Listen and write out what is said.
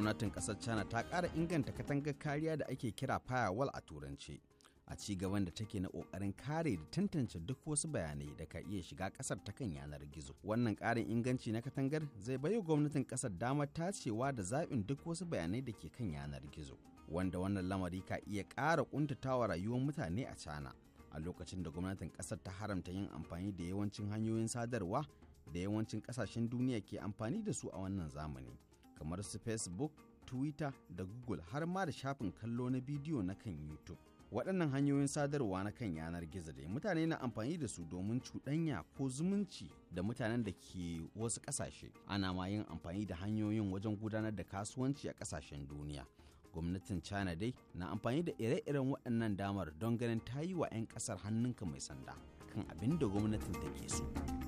gwamnatin kasar china ta kara inganta katangar kariya da ake kira firewall a Turanci a ci gaban da take na ƙoƙarin kare da tantance duk wasu bayanai da ka iya shiga ƙasar ta kan yanar gizo wannan ƙarin inganci na katangar zai baiwa gwamnatin ƙasar damar tacewa da zaɓin duk wasu bayanai da ke kan yanar gizo wanda wannan lamari ka iya ƙara ƙuntatawa rayuwar mutane a china a lokacin da gwamnatin ƙasar ta haramta yin amfani da yawancin hanyoyin sadarwa da yawancin ƙasashen duniya ke amfani da su a wannan zamani. kamar su facebook twitter da google har ma da shafin kallo na bidiyo na kan youtube waɗannan hanyoyin sadarwa na kan yanar gizo dai mutane na amfani da su domin cuɗanya ko zumunci da mutanen da ke wasu ƙasashe ana ma yin amfani da hanyoyin wajen gudanar da kasuwanci a ƙasashen duniya gwamnatin china dai na amfani da ire-iren waɗannan damar don ganin ta yi wa 'yan ƙasar hannunka mai sanda kan abin da gwamnatin take so.